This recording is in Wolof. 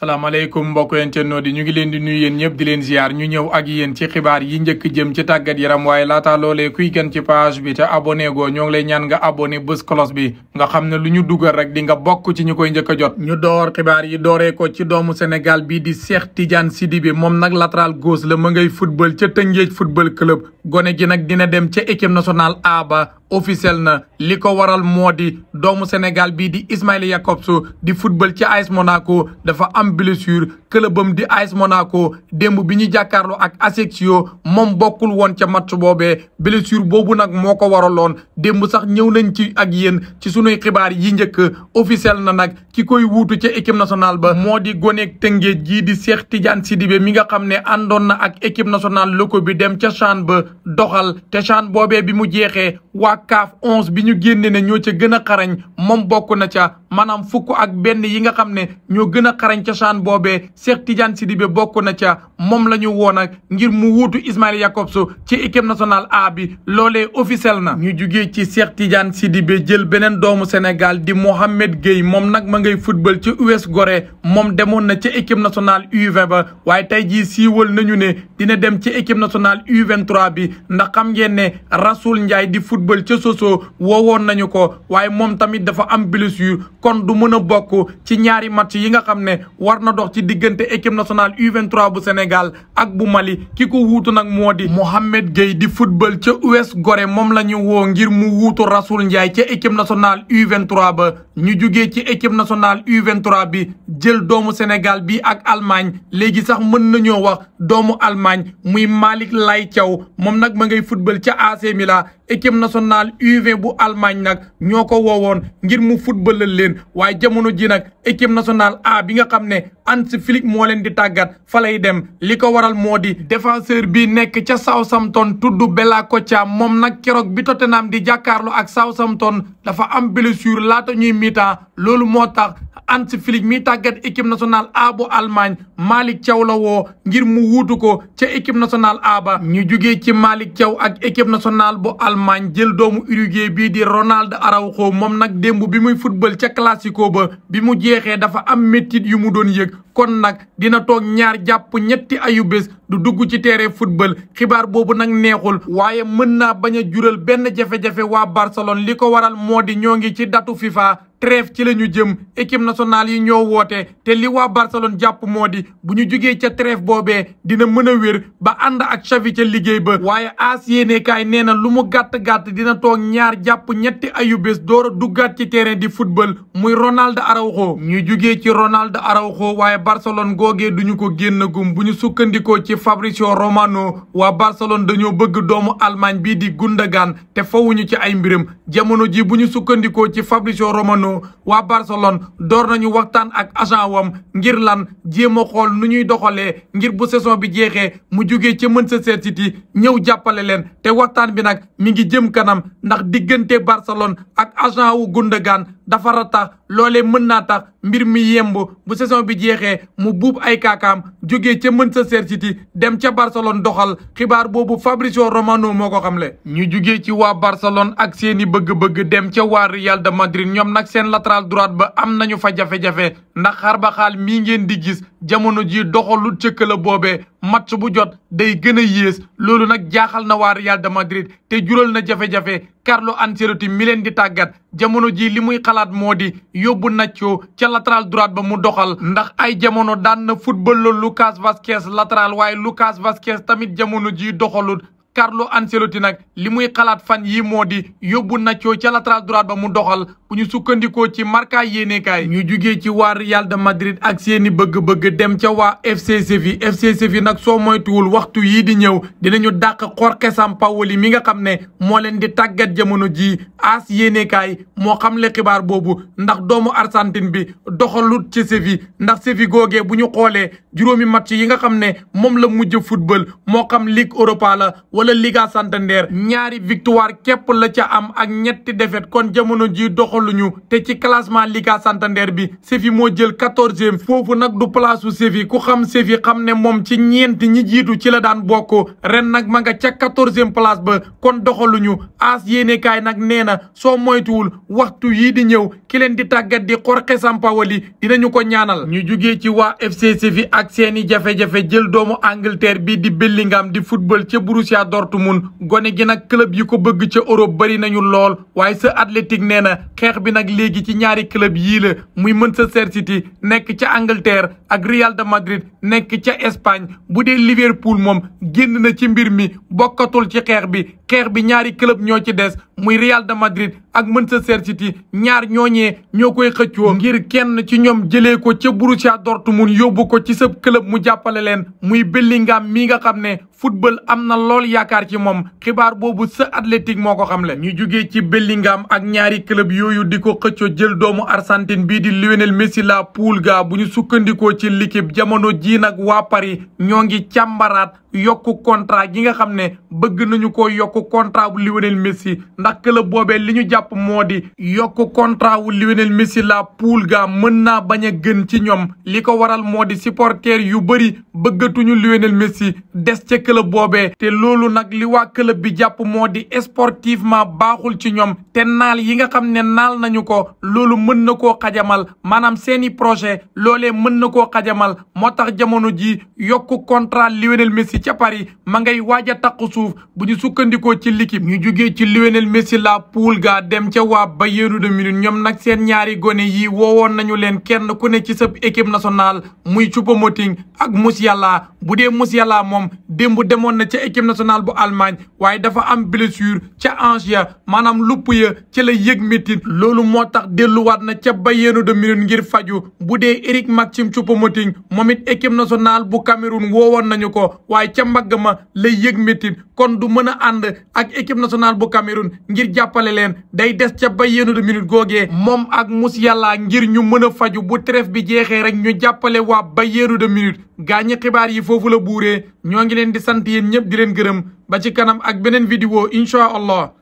salaamaaleykum mbokk yeen cennoo di ñu ngi leen di nuyu yéen ñëpp di leen ziar ñu ñëw ak yéen ci xibaar yi njëkk jëm ci tàggat yaram waaye laata loolee kuy gën ci page bi te abonné goo ñoo ngi lay ñaan nga abonné bés cloche bi nga xam ne lu ñu dugal rek dinga bokk ci ñu koy njëkk a jot ñu door xibaar yi dooree ko ci doomu Sénégal bii di Cheikh Tidiane Sidibé moom nag latéral gauche la ma ngay football ca Tëngéej football club gone gi nag dina dem ca équipe nationale A officiel na li ko waral moo di doomu Sénégal bii di Ismail Jakobs di football ci AS Monaco dafa am blessure këlëbam di AS Monaco démb bi ñu jàkkaarloo ak Ajaccio moom bokkul woon ca match boobe blessure boobu nag moo ko waraloon démb sax ñëw nañ ci ak yéen ci sunuy xibaar yi njëkk officiel na nag ki koy wuutu ca équipe nationale ba moo di goneeg Tëngéej jii di Cheikh Tidiane Sidibé mi nga xam ne àndoon na ak équipe nationale loko bi dem ca CHAN ba doxal te CHAN bi mu jeexee CAF 11 bi ñu génne ne ñoo ca gën a xarañ moom bokk na ca maanaam fukk ak benn yi nga xam ne ñoo gën a xarañ ca CHAN boobee Cheikh Tidiane Sidibé bokk na ca moom la ñu woon ak ngir mu wuutu Ismail Jakobs ci équipe national A bi loolee officiel na. ñu jugee ci Cheikh Tidiane Sidibé jël beneen doomu Sénégal di Mohamed Gueye moom nag ma ngay football ca US gore moom demoon na ci équipe national u ba waaye tey jii siiwal nañu ne dina dem ci équipe national u bi ndax xam ngeen ca soso woowoon nañu ko waaye moom tamit dafa am blessure kon du mën a bokk ci ñaari match yi nga xam ne war na dox ci diggante équipe nationale u bu Sénégal ak bu Mali ki ko wuutu nag moo di Mohamed Gueye di football ca US gore moom la ñu woo ngir mu wuutu Rasoul Ndiaye ca équipe nationale u ba ñu jugee ci équipe nationale u bi jël doomu Sénégal bi ak almaañ léegi sax mën nañoo wax doomu Allemagne muy Malick Lay Thiaw moom nag ma ngay football ca national bu Allemagne nag ñoo ko woowoon ngir mu footballal leen waaye jamono ji nag équipe nationale A bi nga xam ne Hans Flick moo leen di tàggat fa lay dem li ko waral moo di défenseur bi nekk ca Southampton tudd Bella Kocca moom nag keroog bi Tottenham di jàkkaarloo ak Southampton dafa am blessure laata ñuy mi loolu moo tax Hans Flick mi tàggat équipe nationale A bu Allemagne Malick Thiaw la ngir mu wuutu ko ca équipe nationale A ba ñu jugee ci Malick Thiaw ak équipe nationale bu Allemagne jël doomu Uruguay bii di Ronald Araujo moom nag démb bi muy football ca classico ba bi mu jeexee dafa am métit yu mu doon yëg kon nag dina toog ñaar jàpp ñetti ayu bés du dugg ci terrain football xibaar boobu nag neexul waaye mën naa bañ a jural benn jafe-jafe waa Barcelone li ko waral moo di ñoo ngi ci datu FIFA trêve ci la ñu jëm équipe nationale yi ñoo woote te li waa Barcelone jàpp moo di bu ñu jugee ca trêve boobee dina mën a wér ba ànd ak Xavi ca liggéey ba waaye AS yéenekaay nee na lu mu gàtt-gàtt dina toog ñaar jàpp ñetti ayu doora door ci terrain di football muy Ronald Araujo ñu jugee ci Ronald Araujo waaye Barcelone googee duñu ko génn gum bu ñu sukkandikoo ci Fabrizio Romano waa Barcelone dañoo bëgg doomu almaañ bi di Gundogan te fawuñu ci ay mbiram nañu waa Barcelone door nañu waxtaan ak agent wam ngir lan jéem a xool nu ñuy doxalee ngir bu saison bi jeexee mu jugee ca Manchester City ñëw jàppale leen te waxtaan bi nag mi ngi jëm kanam ndax diggante Barcelone ak agent wu Gundogan dafa ratax loole mën naa tax mbir mi yemb bu saison bi jeexee mu buub ay kaakaam jógee ca sa City dem ca Barcelone doxal xibaar boobu Fabrizio Romano moo ko xam xamle. ñu jógee ci waa Barcelone ak seeni bëgg-bëgg dem ca waa Real de Madrid ñoom nag seen latéral droite ba am nañu fa jafe-jafe. ndax xarbaxaal mii ngeen di gis jamono ji doxalu cëkk la boobee match bu jot day gën a yées loolu nag jaaxal na waa Real de Madrid te jural na jafe-jafe Carlo Ancelotti mi leen di tàggat jamono ji li muy xalaat moo di yóbbu Nacho ca latéral droite ba mu doxal ndax ay jamono daan na football la Lucas Vazquez latéral waaye Lucas Vazquez tamit jamono ji doxalut Carlo Ancelotti nag li muy xalaat fan yi moo di yóbbu Nacho ca latéral droite ba mu doxal bu ñu sukkandikoo ci Marca yéenekaay ñu jogee ci waa Real de Madrid ak seeni bëgg-bëgg dem ca waa FC Séville FC Séville nag soo moytuwul waxtu yii di ñëw dinañu dàq Jorge Sampaoli mi nga xam ne moo leen di tàggat jamono jii AS yéenekaay moo xam le xibaar boobu ndax doomu Argentine bi doxalu ci Séville ndax Séville googee bu ñu xoolee juróomi match yi nga xam ne moom la mujj football la Liga Santander ñaari victoire képp la ca am ak ñetti défaite kon jamono ji doxaluñu te ci classement Liga Santander bi Séfi moo jël quatorzième foofu nag du place su Séfi ku xam Séfi xam ne moom ci ñeenti ñi jiitu ci la daan bokk ren nag ma nga ca quatorzième place ba kon doxaluñu as yéenekaay nag nee na soo moytuwul waxtu yii di ñëw ki leen di tàggat di Jorge Sampaoli dinañu ko ñaanal ñu jugee ci waa FC Séfi ak seeni jafe-jafe jël doomu Angleterre bi Dortmund gone gi nag club yi ko bëgg ca Europe bari nañu lool waaye sa Athletic nee na xeex bi nag léegi ci ñaari club yii la muy sa City nekk ca Angleterre ak Real de Madrid nekk ca Espagne bu dee Liverpool moom génn na ci mbir mi bokkatul ci xeex bi xeex bi ñaari club ñoo ci des muy Real de Madrid ak Manchester City ñaar ñooñee ñoo koy xëccoo hmm. ngir kenn ci ñoom jëlee ko ca Borussia Dortmund yóbbu ko ci sab club mu jàppale leen muy Bellingham mii nga xam ne football am na lool yaakaar ci moom xibaar boobu sa Athletic moo ko xam xamle ñu jugee ci Bellingham ak ñaari club yooyu di ko xëccoo jël doomu arsantine bii di Lionel Messi la Pulga bu ñu sukkandikoo ci l'équipe jamono jii nag waa pari ñoo ngi càmbaraat yokku contrat gi nga xam ne bëgg nañu ko yokku contrat li ñu jàpp moo di yokk contrat wu Lionel Messi la poule ga mën naa bañ a gën ci ñoom li ko waral moo di supporter yu bëri bëggatuñu Lionel Messi des ca club boobee te loolu nag li waa club bi jàpp moo di sportivement baaxul ci ñoom te naal yi nga xam ne naal nañu ko loolu mën na koo xajamal maanaam seeni projet loolee mën na koo xajamal moo tax jamono ji yokk contrat Lionel Messi ca Paris ma ngay waaj a suuf bu ñu sukkandikoo ci l'équipe ñu jugee ci Lionel Messi dem ca waa Bayern de Munich ñoom nag seen ñaari gone yi woon nañu leen kenn ku ne ci sëb équipe nationale muy Choupo-Moting ak Musiala bu dee Musiala moom démb demoon na ca équipe nationale bu Allemagne waaye dafa am blessure ca hanche ya maanaam lupp ya ci la yëg métit loolu moo tax delluwaat na ca Bayern de Munich ngir faju bu dee Eric Maxime Choupo-Moting moom it équipe nationale bu woo woon nañu ko waaye ca mbagg ma lay yëg métit kon du mën a ànd ak équipe bu Cameroun ngir jàppale leen day des ca bayeenu de minute googee moom ak mus yàlla ngir ñu mën a faju bu trêve bi jeexee rek ñu jàppale waa bayeenu de minute gaa ñi xibaar yi foofu la buuree ñoo ngi leen di sant yéen ñëpp di leen gërëm ba ci kanam ak beneen vidéo incha allah